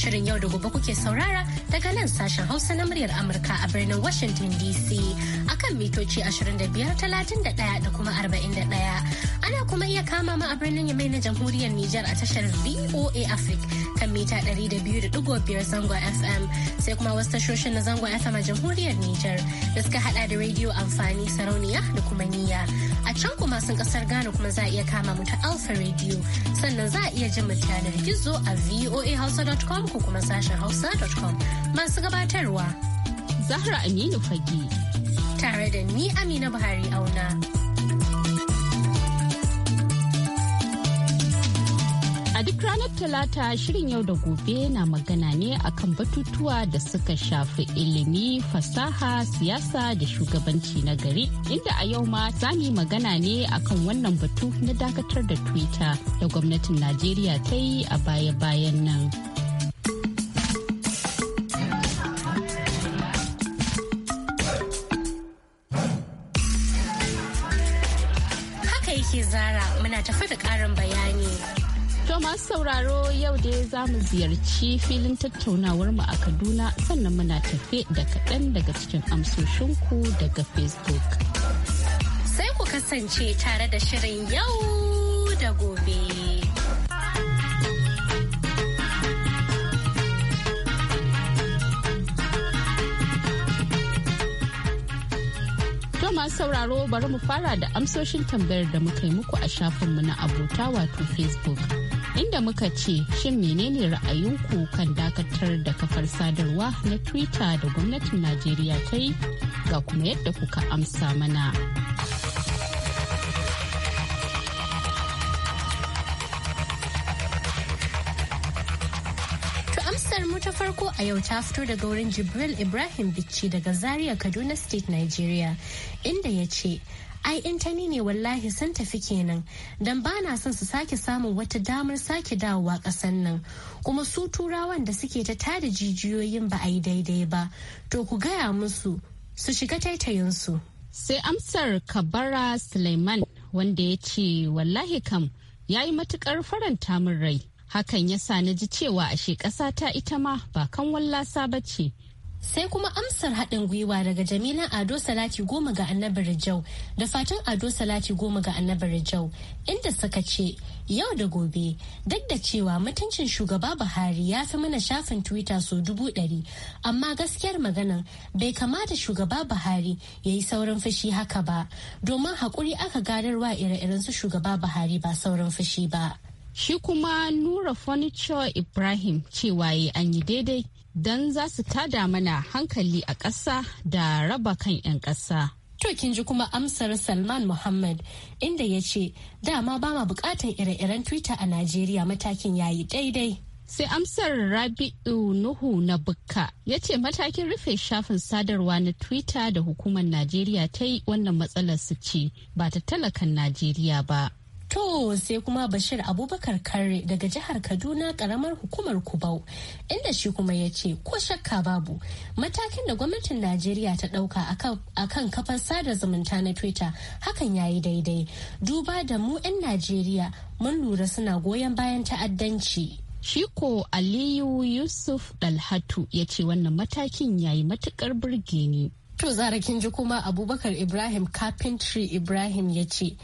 Shirin yau da gobe kuke saurara daga nan sashen Hausa na muryar Amurka a birnin Washington DC akan mitoci 25,31 da kuma 41. Ana kuma iya kama ma a birnin Yamai na Jamhuriyar Nijar a tashar VOA Africa kan mita 200.5 zangon FM sai kuma wasu tashoshin na zangon FM a jamhuriyar niger da suka hada da rediyo amfani sarauniya da kuma niya A can kuma sun kasar Ghana kuma za a iya kama mu ta Alpha Radio sannan za a iya jin mu gizo a voahausa.com ko kuma sashen hausa.com masu gabatarwa. Zahra Aminu Fage. Tare da ni Amina Buhari Auna. A duk ranar Talata shirin yau da gobe na magana ne akan batutuwa da suka shafi ilimi, fasaha, siyasa da shugabanci na gari. Inda a yau ma zani magana ne akan wannan batu na dakatar da Twitter da gwamnatin Najeriya ta yi a baya-bayan nan. Haka yake zara muna tafi da ƙarin bayan. masu sauraro yau dai za mu ziyarci filin tattaunawar mu a Kaduna sannan muna tafe da kaɗan daga cikin amsoshinku daga Facebook. Sai ku kasance tare da shirin yau da gobe. masu sauraro bari mu fara da amsoshin tambayar da muka yi muku a shafinmu na abota wato facebook inda muka ce shin menene ra'ayinku kan dakatar da kafar sadarwa na twitter da gwamnatin najeriya ta yi ga kuma yadda kuka amsa mana mu ta farko a yau ta fito daga wurin jibril ibrahim bicci daga zaria kaduna state nigeria inda ya ce ai in ta ni ne wallahi sun tafi kenan don ba na son su sake samun wata damar sake dawowa ƙasan nan kuma su turawan da suke ta tada jijiyoyin ba a yi daidai ba to ku gaya musu su shiga taitayinsu. sai amsar kabara suleiman wanda ya ce wallahi kam ya yi matukar faranta min rai hakan ya sa na ji cewa ashe ƙasa ta ita ma ba kan wallasa ba ce sai kuma amsar haɗin gwiwa daga jamilan ado salati goma ga annabar rijau da fatan ado salati goma ga annabar rijau inda suka ce yau da gobe duk da cewa mutuncin shugaba buhari ya fi mana shafin twitter so dubu ɗari amma gaskiyar maganan bai kamata shugaba buhari ya yi saurin fushi haka ba domin haƙuri aka gadarwa ire-iren su shugaba buhari ba saurin fushi ba shi kuma nura furniture ibrahim cewa an yi daidai don za su tada mana hankali a ƙasa da raba kan 'yan ƙasa. To kin ji kuma amsar Salman Muhammad inda ya ce dama ba ma bukatan ire-iren Twitter a Najeriya matakin yayi daidai. Sai amsar Rabi'u Nuhu na Bukka ya ce matakin rufe shafin sadarwa na Twitter da hukumar Najeriya ta yi wannan matsalar su ce ba ta talakan Najeriya ba. To sai kuma Bashir Abubakar Kare daga jihar Kaduna karamar hukumar Kubau inda shi kuma ya ce ko shakka babu matakin da gwamnatin Najeriya ta dauka akan kafar sada zumunta na Twitter hakan yayi daidai duba da mu 'yan Najeriya mun lura suna goyon bayan ta'addanci. Shiko Aliyu Yusuf Dalhatu ya ce wannan matakin yayi matukar burge ni. To zara kin ji kuma Abubakar Ibrahim Carpentry Ibrahim ya ce,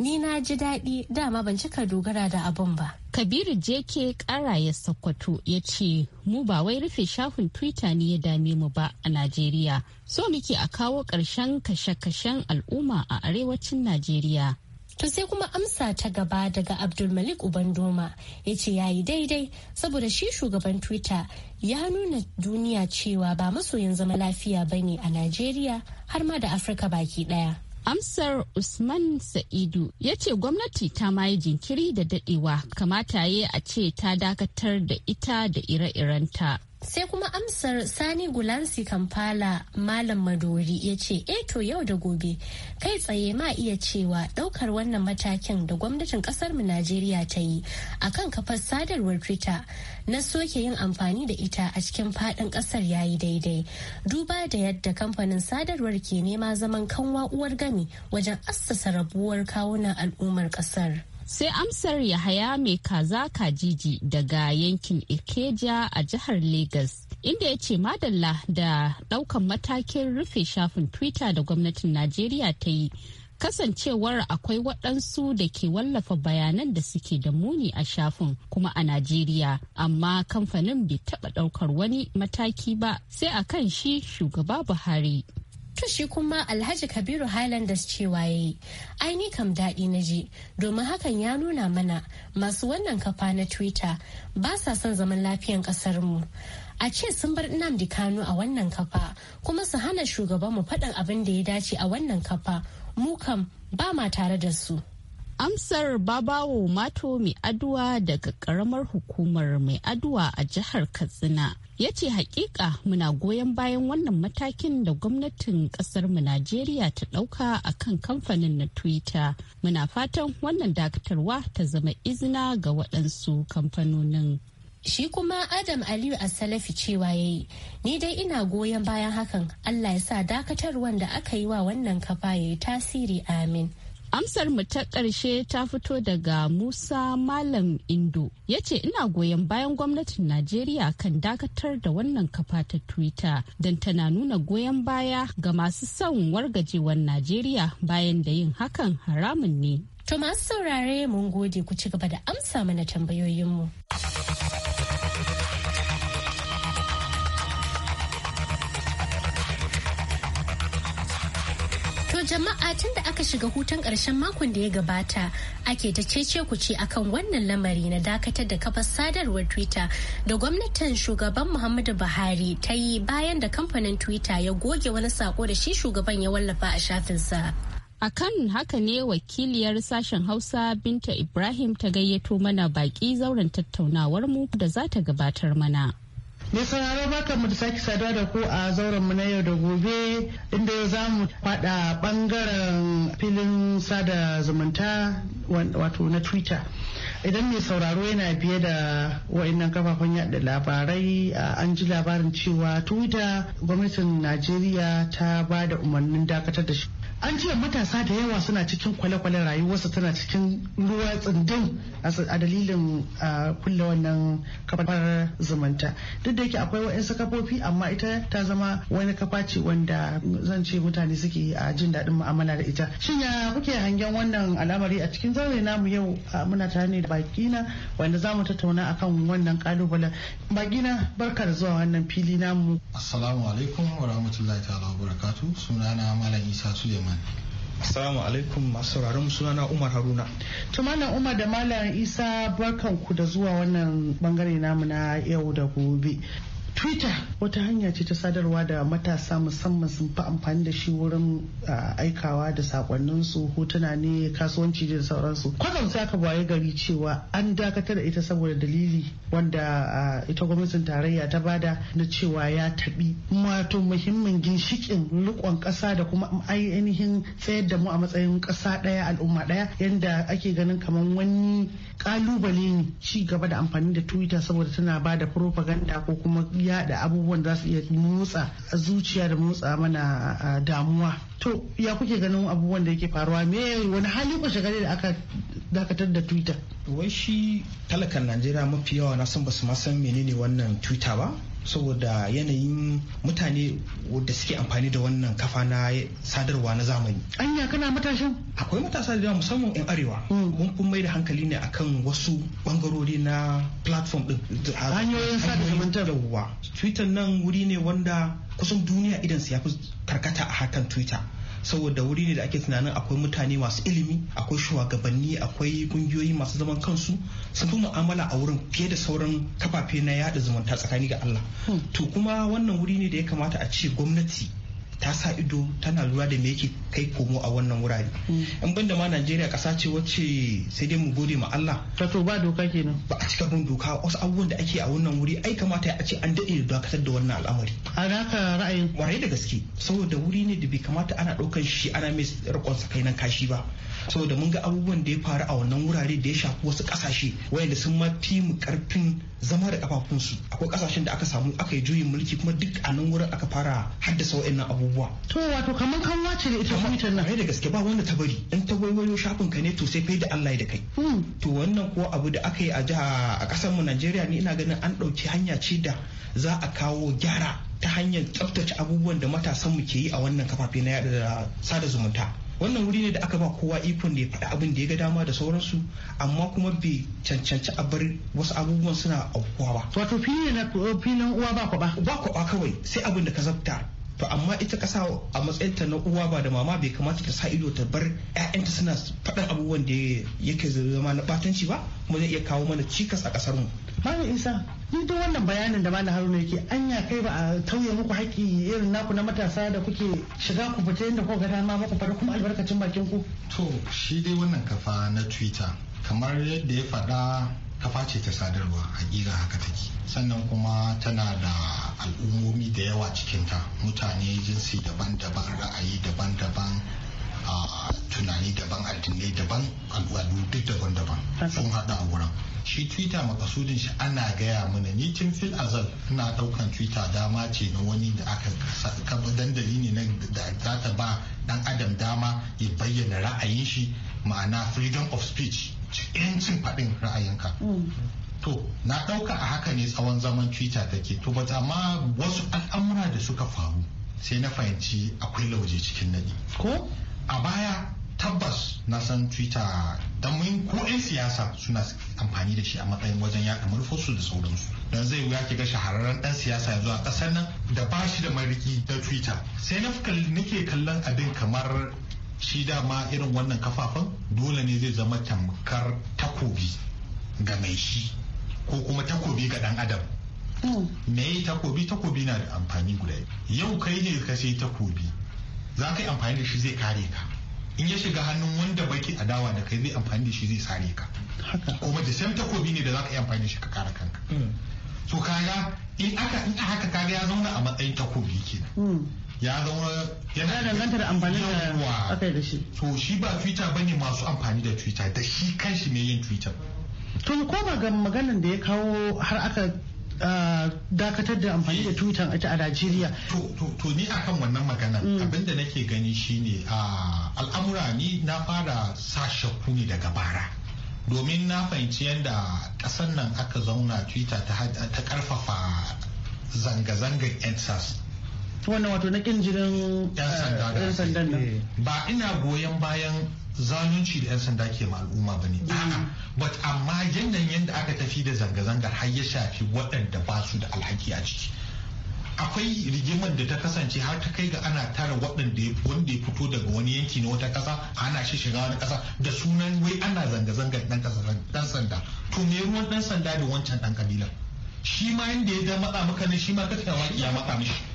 Ni na ji daɗi dama ban cika dogara da abin ba. Kabiru jeke ƙara ya sakwato ya ce, Mu ba wai rufe shafin Twitter ne ya dame mu ba a Najeriya. So muke a kawo ƙarshen kashe-kashen al'umma a arewacin Najeriya. To sai kuma amsa ta gaba daga Abdulmalik Ubandoma ya ce ya yi daidai saboda shi shugaban Twitter ya nuna duniya cewa ba masoyin zama lafiya ba ne a Najeriya har ma da Afirka baki daya. Amsar Usman Sa'idu ya ce gwamnati ta ma yi jinkiri da dadewa kamata ya a ce ta dakatar da ita da ire-irenta. sai kuma amsar sani gulansi kampala malam madori ya ce e to yau da gobe kai tsaye ma iya cewa daukar wannan matakin da gwamnatin mu najeriya ta yi akan kafar sadarwar twitter na soke yin amfani da ita a cikin fadin kasar yi daidai duba da yadda kamfanin sadarwar ke nema zaman kanwa uwar gami wajen assasa rabuwar kawunan al'ummar kasar. Sai amsar Yahaya mai kaza kajiji daga yankin Ikeja a jihar Legas. Inda ya ce madalla da daukan matakin rufe shafin Twitter da gwamnatin Najeriya ta yi kasancewar akwai waɗansu da ke wallafa bayanan da suke da muni a shafin kuma a Najeriya amma kamfanin bai taɓa ɗaukar wani mataki ba sai a kan shi shugaba Buhari. haka shi kuma alhaji kabiru highlanders cewa ya yi aini kam daɗi na ji domin hakan ya nuna mana masu wannan kafa na twitter ba sa son zaman lafiyan ƙasarmu a ce sun bar nnamdi kanu a wannan kafa kuma su hana shugabanmu faɗin abin da ya dace a wannan kafa mu kam ba ma tare da su amsar babawo mato mai aduwa daga ƙaramar hukumar mai aduwa a jihar katsina ya ce hakika muna goyon bayan wannan matakin da gwamnatin mu najeriya ta dauka a kan kamfanin na twitter muna fatan wannan dakatarwa ta zama izina ga waɗansu kamfanonin shi kuma adam aliyu a salafi cewa ya yi ni dai ina goyon bayan hakan allah ya sa dakatarwan da aka yi wa wannan kafa ya yi tasiri amin Amsar mu ta ƙarshe ta fito daga Musa Malam Indo ya ce ina goyon bayan gwamnatin Najeriya kan dakatar da wannan kafa ta Twitter don tana nuna goyon baya ga masu son wargajewar Najeriya bayan da yin hakan haramun ne. To masu saurare mun gode ku ci gaba da amsa mana tambayoyinmu. jama'a tun da aka shiga hutun ƙarshen makon da ya gabata ake ta cece ce akan wannan lamari na dakatar da kafar sadarwar Twitter da gwamnatin shugaban Muhammadu Buhari ta yi bayan da kamfanin Twitter ya goge wani sako da shi shugaban ya wallafa a shafinsa. A kan haka ne wakiliyar sashen Hausa Binta Ibrahim ta gayyato mana baƙi zauren tattaunawar mu da za ta gabatar mana. Mai sauraro baka mu da saki saduwa da ku a zauren mu na yau da gobe inda za mu faɗa ɓangaren filin sada zumunta wato na Twitter. Idan mai sauraro yana biye da wa'annan kafafen yada labarai an ji labarin cewa Twitter gwamnatin Najeriya ta ba da umarnin dakatar da shi an ce matasa da yawa suna cikin kwale-kwale rayuwarsa tana cikin ruwa tsindin a dalilin kulle wannan kafar zumunta duk da yake akwai waɗansu kafofi amma ita ta zama wani kafa ce wanda zan ce mutane suke a jin daɗin mu'amala da ita shin ya kuke hangen wannan al'amari a cikin zaure namu yau muna tare ne da bakina wanda zamu tattauna akan wannan kalubalen bakina barka da zuwa wannan fili namu assalamu alaikum wa rahmatullahi ta'ala wa barakatuh sunana malam isa suleiman Assalamu alaikum masu sauraron sunana Umar Haruna. To Umar da Malam Isa barkanku da zuwa wannan bangare namu na yau da gobe. twitter wata hanya ce ta sadarwa da matasa musamman sun fi amfani da shi wurin aikawa da sakonninsu hotuna ne kasuwanci da sauransu kwatsam sai aka waye gari cewa an dakatar da ita saboda dalili wanda ita gwamnatin tarayya ta bada na cewa ya taɓi wato muhimmin ginshikin rikon ƙasa da kuma ainihin tsayar da mu a matsayin ƙasa ɗaya al'umma ɗaya yadda ake ganin kamar wani ƙalubale ne ci gaba da amfani da twitter saboda tana bada propaganda ko kuma ya da abubuwan da su iya motsa zuciya da motsa mana damuwa to ya kuke ganin abubuwan da yake faruwa me wani hali ba shagari da aka dakatar da twitter wai shi talakan najeriya mafi yawa na san basu ma san menene wannan twitter ba saboda yanayin mutane da suke amfani da wannan kafa na sadarwa na zamani anya kana matashin akwai matasa da yawa musamman yan arewa hmm. mun kun mai da hankali ne akan wasu bangarori na platform din hanyoyin sada zumuntarwa twitter nan wuri ne wanda kusan duniya idan su ya fi karkata a hakan twitter saboda wuri ne da ake tunanin akwai mutane masu ilimi akwai shugabanni akwai kungiyoyi masu zaman kansu sun fi mu'amala a wurin fiye da sauran kafafe na yada zumunta tsakani ga Allah hmm. to kuma wannan wuri ne da ya kamata a ce gwamnati ta sa ido tana lura da me yake kai komo a wannan wurare mm. in ban da ma najeriya kasa ce wacce sai dai mu gode ma allah to ba doka kenan ba a cika bin doka wasu abubuwan da ake a wannan wuri ai kamata a ce an daɗe da dakatar da wannan al'amari a naka ra'ayin waye da gaske saboda wuri ne da bai kamata ana ɗaukan shi ana mai rikon sakainan kashi ba saboda mun ga abubuwan da ya faru a wannan wurare da ya shafi wasu kasashe wayanda sun ma fi mu karfin zama da kafafunsu akwai kasashen da aka samu aka yi juyin mulki kuma duk a nan wurin aka fara haddasa wayannan abubuwa to wato kamar kan wace da ita kuma nan da gaske ba wanda ta bari in ta wayo shafin ka ne to sai fai da Allah da kai hmm. to wannan kuwa abu da aka yi a jiha a kasar mu Najeriya ni ina ganin an ɗauki hanya ce da za a kawo gyara ta hanyar tsaftace abubuwan da matasan mu ke yi a wannan kafafe na yada sada zumunta wannan wuri ne da aka ba kowa ikon da ya faɗi abin da ya ga dama da sauransu amma kuma bai cancanci a bar wasu abubuwan suna aukuwa ba. Wato fili na filin uwa ba kwaba? Ba ba kawai sai abin da ka zabta. To amma ita kasa a matsayinta na uwa ba da mama bai kamata ta sa ido ta bar 'ya'yanta suna faɗin abubuwan da yake zama na batanci ba kuma zai iya kawo mana cikas a ƙasar mu. Malam Isa ni duk wannan bayanin da Malam Haruna yake anya kai ba a tauye muku haƙƙi irin naku na matasa da kuke shiga ku fita yadda kuka ga dama muku fara kuma albarkacin bakin ku. To shi dai wannan kafa na Twitter kamar yadda ya faɗa kafa ce ta sadarwa a hakika haka take sannan kuma tana da al'ummomi da yawa cikinta mutane jinsi daban-daban ra'ayi daban-daban tunani daban addinai daban al'adu duk daban-daban sun haɗa a wurin shi twitter makasudin shi ana gaya mana ni tun fil azal ina daukan twitter dama ce na wani da aka kaba dandali ne da za ta ba dan adam dama ya bayyana ra'ayin shi ma'ana freedom of speech yancin faɗin ra'ayinka mm. to na ɗauka a haka ne tsawon zaman twitter take to bata ma wasu al'amura da suka faru sai na fahimci akwai lauje cikin nadi ko a baya tabbas na san twitter don mun ko 'yan siyasa suna amfani da shi a matsayin wajen yaɗa manufarsu da sauransu don zai wuya ki ga shahararren ɗan siyasa yanzu a ƙasar nan da ba shi da mariki da twitter sai na nake kallon abin kamar shi dama irin wannan kafafen dole ne zai zama tamkar takobi ga mai shi ko kuma takobi ga ɗan adam mm. me takobi takobi na da amfani guda yau kai ne ka sai takobi za ka yi amfani da shi zai kare ka in ya shiga hannun wanda baki adawa da kai zai amfani da shi zai sare ka kuma da sam takobi ne da za ka yi amfani da shi ka kare kanka mm. so kaga in aka in haka kaga ya zauna a matsayin takobi ke. Mm. ya zauna yana danganta da amfani da aka da shi to shi ba twitter bane masu amfani da twitter da shi kanshi ne yin twitter to ko ba ga maganan da ya kawo har aka dakatar da amfani da tutan ita a Najeriya. To ni akan wannan magana mm. abinda nake gani shine al'amura ni na fara sashe kuni daga bara. Domin na fahimci yadda ƙasar nan aka zauna Twitter ta karfafa zanga-zangar 'yan wannan wato na kin jiran yan eh, sandan nan eh. ba ina goyon bayan zalunci da yan sanda ke ma al'umma ba ne mm. but amma yadda aka tafi da zanga zangar har ya shafi waɗanda ba su da alhaki a ciki akwai rigimar da ta kasance har ta kai ga ana tara waɗanda wanda ya fito daga wani yanki na wata ƙasa ana shi shiga wani ƙasa da sunan wai ana zanga-zanga ɗan sanda to me ruwan ɗan sanda da wancan ɗan kabilar shi ma yanda ya da matsa maka ne shi ma kake waki ya maka mishi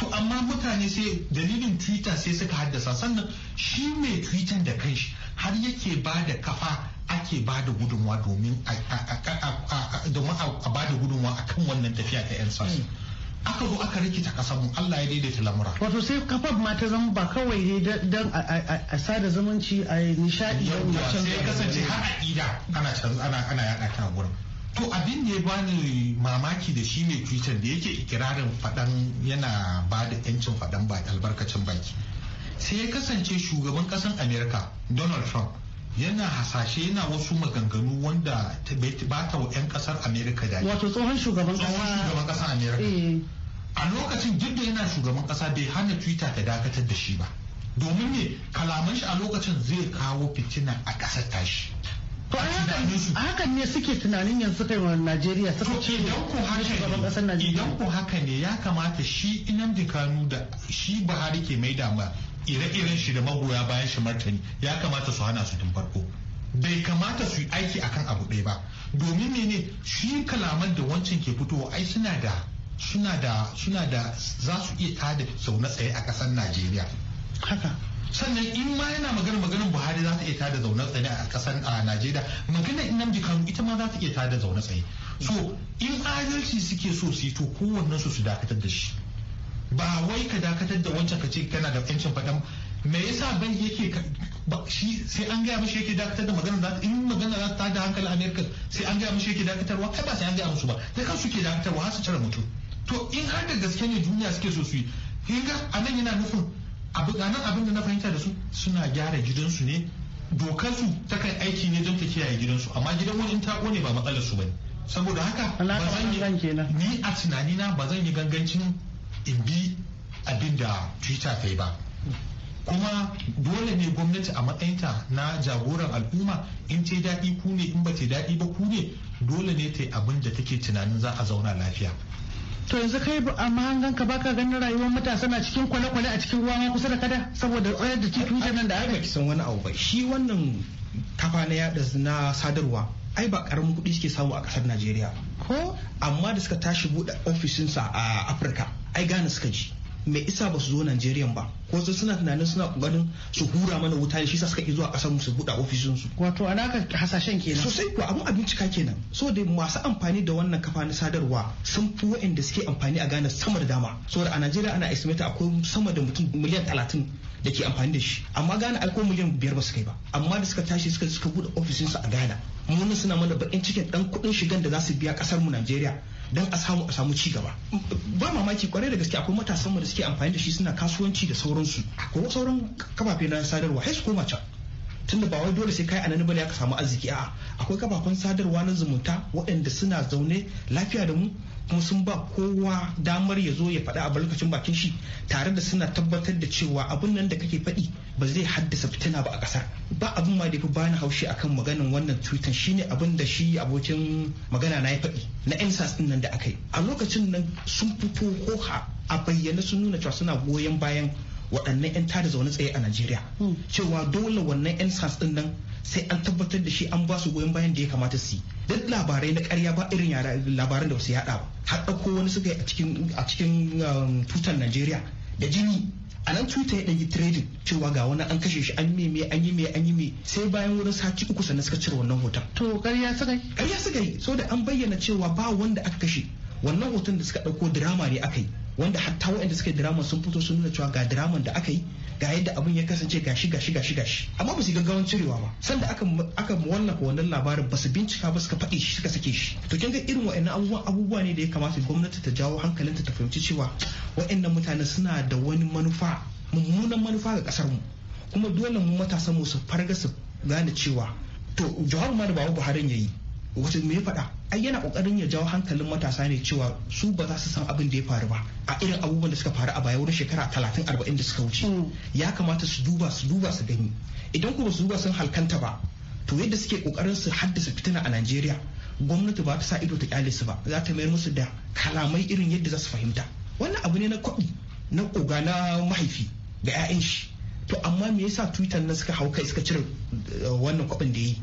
to amma mutane sai dalilin twitter sai suka haddasa sannan shi mai twitter da kanshi har yake ba da kafa ake ba da gudunwa domin a ba da gudunwa a kan wannan tafiya ta 'yan sas aka zo aka rikita mu Allah ya daidaita lamura. Wato sai kafar ma ta zama ba kawai ne dan a sada zumunci a nishadi. Yawwa kasance har a ida ana yada ta gurin. to abin da ya bani mamaki da shi mai twitter da yake ikirarin fadan yana ba da 'yancin fadan ba albarkacin baki sai ya kasance shugaban kasan america donald trump yana hasashe yana wasu maganganu wanda ba ta wa 'yan kasar amerika da wato tsohon shugaban kasa. america eh. a lokacin duk da yana shugaban kasa bai hana twitter ta dakatar da shi ba domin ne kalaman shi a lokacin zai kawo fitina a kasar tashi To a hakan ne suke tunanin yanzu kai wa Najeriya ta ce idan ku haka ne idan ku haka ne ya kamata shi Nnamdi Kanu da shi Buhari ke mai ma ire-iren shi da magoya bayan shi martani ya kamata su hana su tun farko. Bai kamata su yi aiki akan abu ɗaya ba domin mene shi kalaman da wancan ke fitowa ai suna da suna da suna da za su iya tada sau na tsaye a ƙasar Najeriya. Haka. sannan in ma yana magana maganar buhari za ta iya tada zaune tsaye a kasar a najeriya maganar nnamdi kanu ita ma za ta iya tada zaune tsaye so in adalci suke so su yi to kowannen su su dakatar da shi ba wai ka dakatar da wancan ka ce kana da yancin faɗan me yasa bai yake shi sai an gaya mishi yake dakatar da magana za in magana za ta da hankali amerika sai an gaya mishi yake dakatarwa kai ba sai an gaya musu ba da kansu ke dakatarwa har su cire mutum to in har da gaske ne duniya suke so su yi kinga anan yana nufin abu nan abin da na fahimta da su suna gyara gidansu ne dokar su ta kan aiki ne don ta kiyaye gidansu amma gidan wani ta kone ba matsalar su bane saboda haka kenan. ni a tunani na ba zan yi gangancin in bi abin da twitter ta yi ba kuma dole ne gwamnati a matsayinta na jagoran al'umma in ce daɗi ku ne in ba ce daɗi ba ku ne dole ne ta yi abin da take tunanin za a zauna lafiya to yanzu kai a mahangan ka baka ganin rayuwar matasa na cikin kwale-kwale a cikin ruwa ma kusa da kada saboda tsayar da tushen nan da aka san wani abu ba shi wannan kafa na yada na sadarwa ai ba karamin kuɗi suke samu a ƙasar Najeriya ko amma da suka tashi buɗe ofisinsa a Afirka ai gane suka ji Mai isa ba su zo Najeriya ba ko su suna tunanin suna kokarin su hura mana wuta shi sa suka ke zuwa kasar mu su buɗe ofishin su wato alaka hasashen kenan sosai ko abun cika kenan so da masu amfani da wannan kafa na sadarwa sun fi waɗanda suke amfani a Ghana sama da dama saboda a Najeriya ana estimate akwai sama da mutum miliyan talatin da ke amfani da shi amma Ghana alko miliyan biyar ba su kai ba amma da suka tashi suka suka buɗe ofishin su a Ghana mun suna mana bakin cikin ɗan kuɗin shigan da za su biya kasar mu Najeriya don a samu a samu cigaba ba mamaki kwarai da gaske akwai matasan da suke amfani da shi suna kasuwanci da sauransu ko sauran kafafe na sadarwa sai su koma can tunda ba wai dole sai kai anan bane ka samu arziki a'a akwai kafafen sadarwa na zumunta waɗanda suna zaune lafiya da mu kuma sun ba kowa damar ya zo ya faɗa a lokacin bakin shi tare da suna tabbatar da cewa abin nan da kake faɗi ba zai haddasa fitina ba a ƙasar ba abin ma da fi bani haushi akan maganin wannan tutan shine abin da shi abokin magana na ya faɗi na emsas din nan da aka yi a lokacin nan sun fito hoha a bayyane sun nuna cewa suna goyon bayan waɗannan 'yan tada zaune tsaye a najeriya hmm. cewa dole wannan 'yan sas din nan sai an tabbatar da shi an ba su goyon bayan da ya kamata su yi duk labarai na karya ba irin yara labaran da ba su yaɗa ba har ɗauko wani suka yi a cikin um, tutan najeriya da jini a nan twitter ya ɗanyi trading cewa ga wani an kashe shi an yi me an yi me an yi me sai bayan wurin sati uku sannan suka cire wannan hoton to ƙarya suka yi ƙarya suka yi so da an bayyana cewa ba wanda aka kashe wannan hoton da suka ɗauko drama ne aka yi wanda hatta waɗanda suka yi drama sun fito sun nuna cewa ga draman da aka yi ga yadda abin ya kasance gashi gashi gashi gashi amma ba su gaggawan cirewa ba sanda aka aka wallafa wannan labarin ba su bincika ba suka faɗi shi suka sake shi to kin ga irin wa'annan abubuwa abubuwa ne da ya kamata gwamnati ta jawo hankalinta ta fahimci cewa wa'annan mutane suna da wani manufa mummunan manufa ga kasar mu kuma dole mu matasan mu su farga su gane cewa to jawabin ma da babu Buhari yayi wajen me ya faɗa ai yana kokarin ya jawo hankalin matasa ne cewa su ba za su san abin da ya faru ba a irin abubuwan da suka faru a baya wurin shekara talatin arba'in da suka wuce mm. ya kamata su duba su duba su gani idan kuma su duba sun halkanta ba to yadda suke kokarin su haddasa fitina a Najeriya gwamnati ba ta sa ido ta kyale su ba za ta mayar musu da kalamai irin yadda za su fahimta wannan abu ne na kwaɓi na koga na mahaifi ga 'ya'yan shi to amma me yasa twitter na suka hau kai suka cire eh, wannan kwabin da ya yi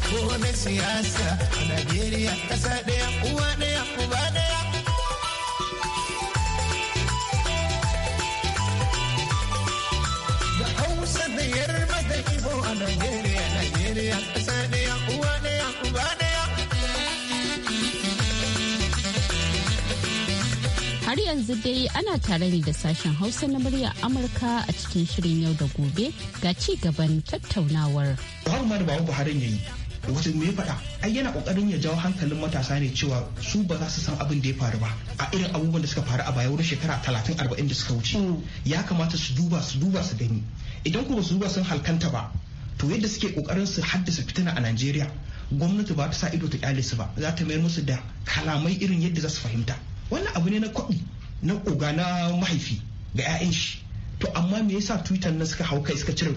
ko na siyasa a Najeriya kasa ɗaya uwa ɗaya uba ɗaya. Da Hausa da Yarba da Ibo a Najeriya, Najeriya kasa ɗaya uwa ɗaya uba ɗaya. Har yanzu dai ana tare ne da sashen Hausa na murya Amurka a cikin shirin yau da gobe ga ci gaban tattaunawar. Har ma Buhari yayi Wajen me faɗa ai yana kokarin ya jawo hankalin matasa ne cewa su ba za su san abin da ya faru ba a irin abubuwan da suka faru a baya wurin shekara talatin arba'in da suka wuce mm. ya kamata su duba su duba su gani idan kuma su duba sun halkanta ba to yadda suke kokarin su haddasa fitina a Najeriya gwamnati ba ta sa ido ta kyale su ba za ta mayar musu da kalamai irin yadda za su fahimta wannan abu ne na kwabi na koga na mahaifi ga 'ya'yan shi to amma me yasa twitter na suka hau kai suka cire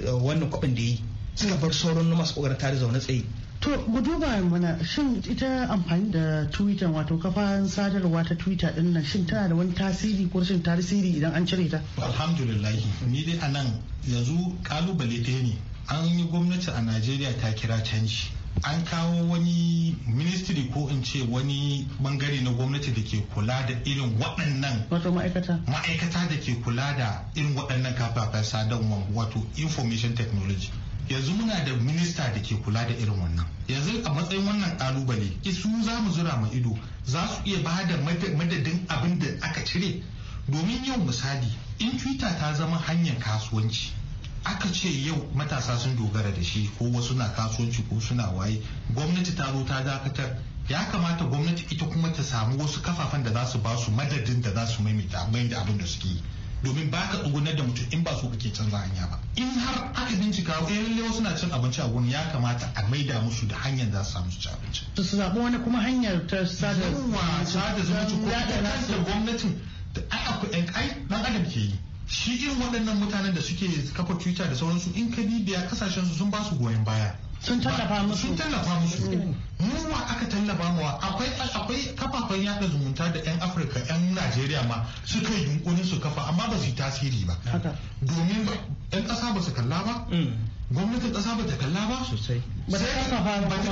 eh, wannan kwabin da ya yi suna bar sauran na masu kokarin tare zaune tsaye to mu duba mana shin ita amfani da twitter wato kafan sadarwa ta twitter din nan shin tana da wani tasiri ko shin tasiri idan an cire ta alhamdulillah ni dai anan yanzu kalubale ɗaya ne an yi gwamnati a najeriya ta kira canji an kawo wani ministry ko in ce wani bangare na gwamnati da ke kula da irin waɗannan wato ma'aikata ma'aikata da ke kula da irin waɗannan kafafen sadarwa wato information technology yanzu muna da minista da ke kula da irin wannan yanzu a matsayin wannan kalubale su za mu zura ma ido za su iya ba da madadin abin da aka cire domin yau misali in twitter ta zama hanyar kasuwanci aka ce yau matasa sun dogara da shi ko wasu na kasuwanci ko suna waye gwamnati ta zo ta dakatar ya kamata gwamnati ita kuma ta samu wasu kafafen da za su ba su madadin da za su maimaita abin da suke yi domin ba ka tsugunar da mutum in ba su kake canza hanya ba in har aka bincika eh lalle suna cin abinci a gurin ya kamata a maida musu da hanyar za su samu su ci abinci su zaɓi wani kuma hanyar ta sada sada zumunci ko da gwamnatin da ai akwai yan ai dan adam ke yi shi irin waɗannan mutanen da suke kafa twitter da sauransu in ka bibiya kasashen su sun ba su goyon baya sun tallafa musu sun tallafa musu mu mm. wa aka tallafa mu akwai akwai kafafen yada zumunta da yan afirka yan najeriya ma suka yi yunkurin su kafa amma ba su yi tasiri ba domin yan kasa ba su kalla ba mm. gwamnatin kasa ba ta kalla ba sosai ba ta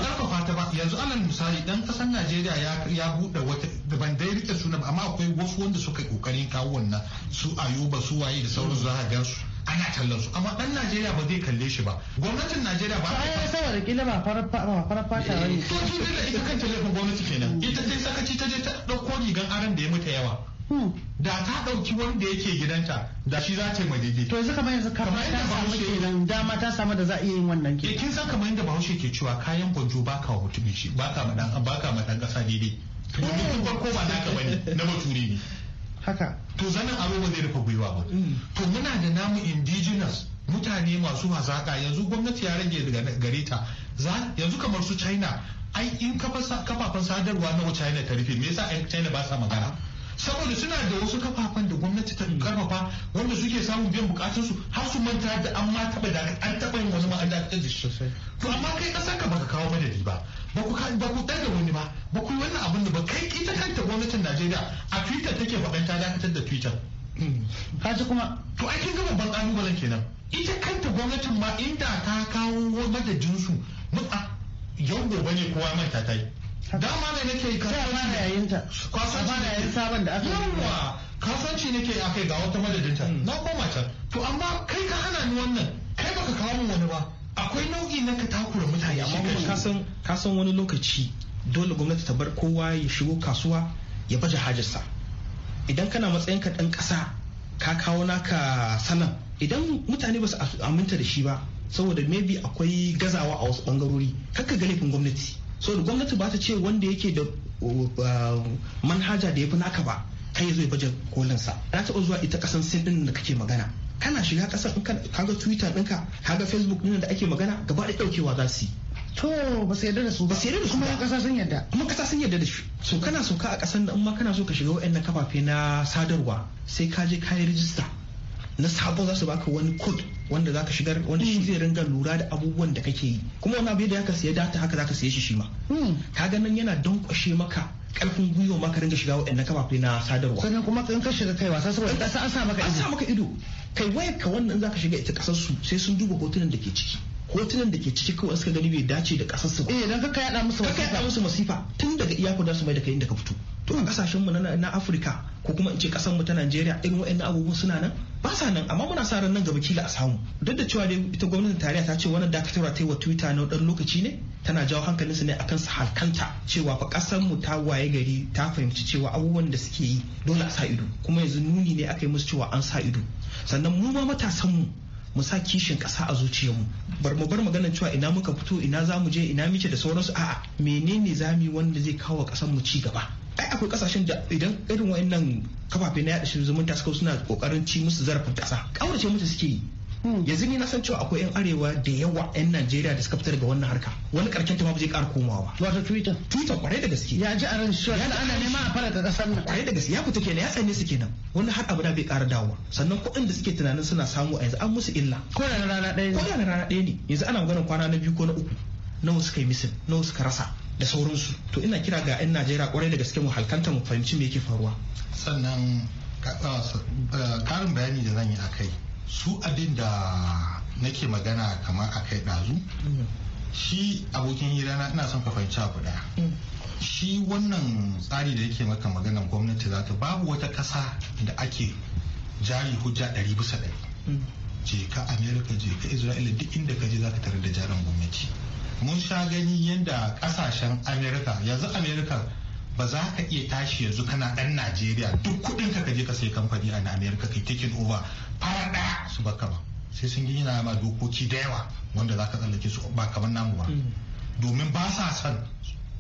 karfafa ta ba yanzu alal misali dan kasar najeriya ya bude wata da ban dai rike suna ba amma akwai wasu wanda suka kokarin kawo wannan su ayuba su waye da sauran za a gansu ana kallon su amma dan Najeriya ba zai kalle shi ba gwamnatin Najeriya ba ai eh, saboda kila ba farar farar fata bane eh, to shi da ita kanta lafin gwamnati kenan ita dai sakaci ta je ta dauko rigan aran da ya mata yawa hmm. da ta dauki wanda yake gidanta da shi za ta yi majiji to yanzu kamar yanzu kamar ta samu kenan dama ta samu da za a iya yin wannan eh, ke kin san kamar yadda Bahaushe ke cewa kayan bonjo baka wa mutumin shi baka madan baka madan kasa daidai domin ko ba naka bane na mutuni ne haka to zanen aro ba zai rufe gwiwa ba mm. to muna da namu indigenous mutane masu hazaka yanzu gwamnati ya rage daga gare ta yanzu kamar su china ai in kafafen sadarwa wa china ta rufe me yasa ai china ba sa magana saboda suna da wasu kafafen da gwamnati ta mm. karfafa wanda suke samun biyan bukatun su har su manta da an ma taba da an taba yin wani ma'ada to amma kai kasar ka baka kawo madadi ba ba ku da da wani ba ba ku yi wannan abin da ba kai ita kanta gwamnatin Najeriya a Twitter take faɗan ta dakatar da Twitter kaji kuma to ai kin ga ban kalubalen kenan ita kanta gwamnatin ma inda ta kawo madadin su mun a yau gobe ne kowa mai ta yi dama ne nake kasance da yayin ta kasuwanci da yayin sabon da aka yawa kasuwanci nake akai ga wata madadin ta hmm. na koma can to amma kai ka hana ni wannan kai baka kawo min wani ba akwai nau'i na ka takura mutane amma ka Kasan wani lokaci dole gwamnati ta bar kowa ya shigo kasuwa ya baje hajarsa idan kana matsayin ka dan kasa ka kawo naka sanan idan mutane ba su aminta da shi ba saboda maybe akwai gazawa a wasu bangarori kakka ga laifin gwamnati saboda gwamnati ba ta ce wanda yake da manhaja da ya fi naka ba kai ya zo ya baje kolinsa na taɓa zuwa ita kasan sin ɗin da kake magana kana shiga kasar in kaga twitter ɗinka kaga facebook ɗin da ake magana gaba da ɗaukewa za su yi to ba su yarda da su ba su yarda da su kuma kasa sun yarda kuma kasa sun yarda da shi so kana so ka a kasan da in ma kana so ka shiga waɗannan kafafe na sadarwa sai ka je ka yi rijista na sabon za su baka wani code wanda zaka shigar wanda shi mm. zai ringa lura da abubuwan da kake yi kuma wani abu da ya siya data haka zaka siya shi shi ma mm. ka ganin nan yana don kwashe maka karfin gwiwa ma ka ringa shiga waɗannan kafafe na sadarwa sannan kuma in ka shiga kai wasa saboda ƙasa an sa maka ido an sa maka ido kai wayar ka wannan za ka shiga ita ƙasar su sai sun duba hotunan da ke ciki hotunan da ke ciki kawai suka gani bai dace da ƙasar su ba eh dan ka yaɗa musu masifa ka yaɗa musu masifa tun daga iya da su mai da kai inda ka fito to a kasashen mu na Afirka ko kuma in ce kasan mu ta Najeriya irin waɗannan abubuwan suna nan ba sa nan amma muna sa ran nan gaba kila a samu duk da cewa dai ita gwamnatin tarayya ta ce wannan dakatarwa ta yi wa Twitter na dan lokaci ne tana jawo hankalin su ne akan su halkanta cewa fa kasar mu ta waye gari ta fahimci cewa abubuwan da suke yi dole a sa ido kuma yanzu nuni ne aka yi musu cewa an sa ido sannan mu ma matasan mu mu sa kishin kasa a zuciyarmu bar mu bar maganar cewa ina muka fito ina zamu je ina miki da sauransu a'a menene za mu yi wanda zai kawo kasan mu ci gaba ai akwai kasashen da idan irin wayannan kafafe na yaɗa zumunta suka suna kokarin ci musu zarafin kasa kaurace musu suke yi hmm. yanzu ni na san cewa akwai yan arewa da yawa yan najeriya da suka fitar da wannan harka wani karken ta ma zai ƙara komawa wato twitter twitter kwarai da gaske ya ji a ran shi yana ana nema a fara ta kasar nan kwarai da gaske ya fita kenan ya tsane su kenan wani har abu da bai ƙara dawo sannan kuɗin da suke tunanin suna samu a yanzu an musu illa ko da rana ɗaya ne ko da rana ɗaya ne yanzu ana magana kwana na biyu ko na uku nawa suka yi misin nawa suka rasa da sauransu to ina kira ga 'yan najeriya kwarai da gaske mu halkanta mu fahimci me yake faruwa sannan karin ah, ah, bayani da zan yi akai su abin da nake magana kamar akai dazu mm. shi abokin hira na ina son ka fahimci abu daya mm. shi wannan tsari da yake maka maganan gwamnati za ta babu wata kasa da ake jari hujja ɗari bisa ɗari mm. je ka amerika je ka isra'ila duk inda ka je za ka tare da jarin gwamnati mun sha gani yadda kasashen Amerika yanzu Amerika ba za ka iya tashi yanzu kana dan najeriya duk kudin ka je ka sai kamfani a Amerika kai taking over fara daya su baka ba sai sun gini yana ma dokoki da yawa wanda za ka tsallake su ba kamar namu ba mm. domin ba sa son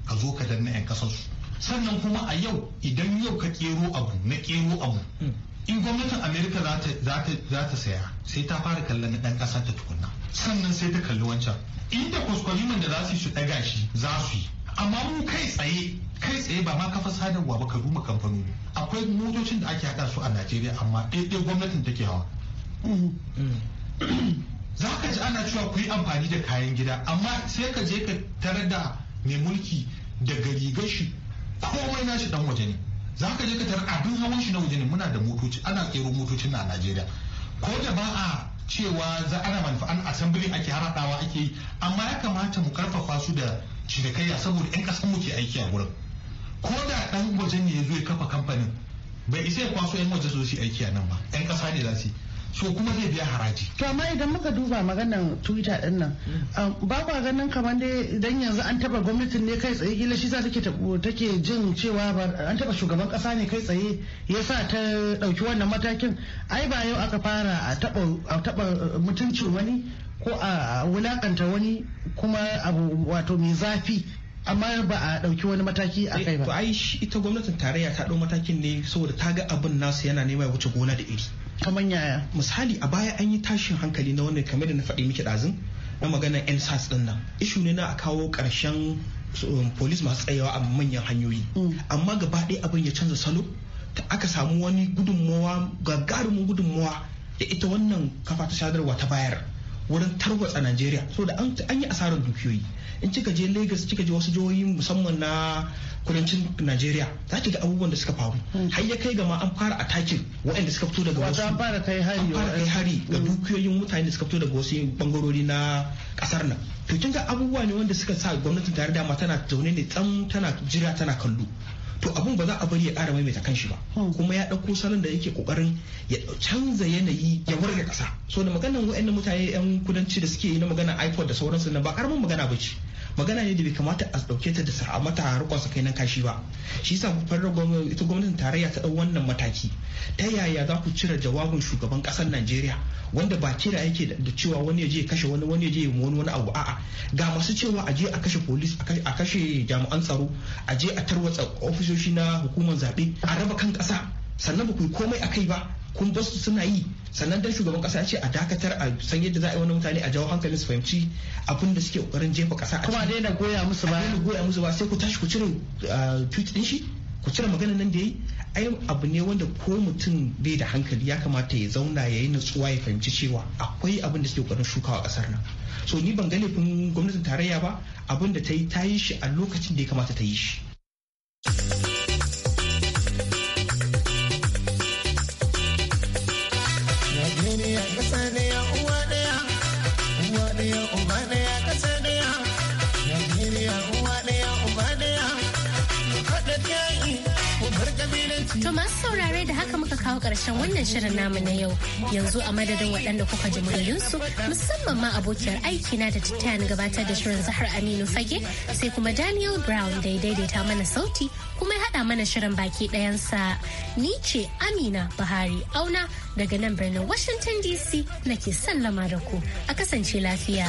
ka zo ka danna yan kasar su sannan kuma a yau idan yau ka kero abu na kero abu mm. in gwamnatin Amerika za ta saya sai ta fara kallon dan kasa ta tukunna sannan sai ta kalli wancan In inda kwaskwariman da za su yi su ɗaga shi za su yi amma mu kai tsaye kai tsaye ba ma kafa sadarwa ba ka duma kamfanoni akwai motocin da ake haɗa su a najeriya amma ɗaiɗai gwamnatin take hawa za ka ji ana cewa ku yi amfani da kayan gida amma sai ka je ka tarar da mai mulki da gari shi komai nashi dan waje ne za ka je ka tarar abin hawan shi na waje ne muna da motoci ana tsero motocin na najeriya ko da ba a cewa za ana manufa'an asambili ake haradawa ake yi amma ya kamata mu karfafa su da cinikayya saboda 'yan kasan mu ke aiki a wurin ko da ɗan waje ne ya zo ya kafa kamfanin bai isa ya kwaso 'yan waje su aiki a nan ba 'yan ƙasa ne za su yi so kuma zai biya haraji. To amma idan muka duba maganan Twitter din nan mm. um, ba kwa ganin kamar dai idan yanzu an taba gwamnatin ne kai tsaye gila shi za take take jin cewa an taba shugaban kasa ne kai tsaye ya sa ta ɗauki wannan matakin ai ba yau aka fara a taba mutuncin wani ko a wulakanta wani kuma abu wato mai zafi amma ba a ɗauki wani mataki a kai ba. Eh, to ai ita gwamnatin tarayya ta ɗau matakin ne saboda ta ga abin nasu yana nema ya wuce gona da iri. ta yaya misali a baya an yi tashin hankali na wannan kamar da na faɗi miki ɗazun na maganar sas ɗin nan ishu ne na a kawo ƙarshen um, polis masu tsayawa a manyan hanyoyi mm. amma gaba ɗaya abin ya canza salo aka samu wani gudunmowa gagarumin gudunmowa da ita wannan kafa ta sadarwa ta bayar wurin tarwatsa Najeriya so da an yi asarar dukiyoyi in cika je Lagos cika je wasu jihohi musamman na kudancin Najeriya za ki ga abubuwan da suka faru hmm. har ya kai ga ma an fara atakin waɗanda suka fito daga wasu an fara kai hari ga hmm. dukiyoyin mutane da suka fito daga wasu bangarori na kasar nan to kin ga abubuwa ne wanda suka sa gwamnatin tare da ma tana zaune ne tsam tana jira tana kallo to abun ba za a bari ya ƙara maimaita kanshi ba hmm. kuma ya ɗauko salon da yake ƙoƙarin ya canza yanayi ya warga ƙasa so da maganar wa'annan mutane 'yan kudanci da suke yi na magana ipod da sauransu na ba ƙaramin magana ba ce magana ne da bai kamata a dauke ta da sa mata rikon kai na kashi ba shi yasa fara gwamnati ita gwamnatin tarayya ta dau wannan mataki ta yaya za ku cire jawabin shugaban kasar Najeriya wanda ba kira yake da cewa wani ya je kashe wani wani ya je wani abu a'a ga masu cewa aje je a kashe police a kashe jami'an tsaro a je a tarwatsa ofisoshi na hukumar zabe a raba kan kasa sannan ba ku komai a kai ba kun basu suna yi sannan dan shugaban kasa ce a dakatar a san yadda za a yi wani mutane a jawo hankalin su fahimci abin da suke kokarin jefa kasa a kuma daina goya musu ba daina goya musu ba sai ku tashi ku cire ah, tweet din shi ku cire maganar nan da yi ai abu ne wanda ko mutum bai da hankali ya kamata ya zauna ya yi natsuwa ya fahimci cewa akwai abin da suke kokarin shukawa kasar nan so ni ban ga laifin gwamnatin tarayya ba abin da ta yi ta yi shi a lokacin da ya kamata ta yi shi. kawo ƙarshen wannan shirin namu na yau yanzu a madadin waɗanda kuka ji muryoyinsu musamman ma abokiyar aiki na da tattayan gabatar da shirin Zahar Aminu Fage sai kuma Daniel Brown da ya daidaita mana sauti kuma ya haɗa mana shirin baki ɗayansa. Ni ce Amina Buhari Auna daga nan birnin Washington DC nake sallama da ku a kasance lafiya.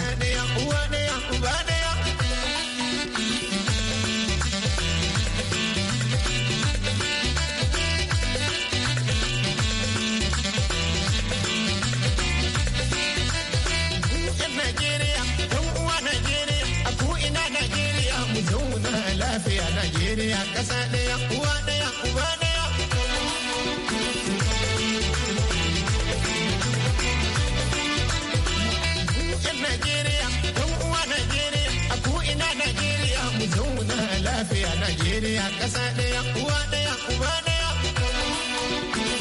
kasa ɗaya uwa ɗaya uba ɗaya. Yan Najeriya, ɗan uwa Najeriya, a ko ina Najeriya, mu zauna lafiya Najeriya kasa ɗaya.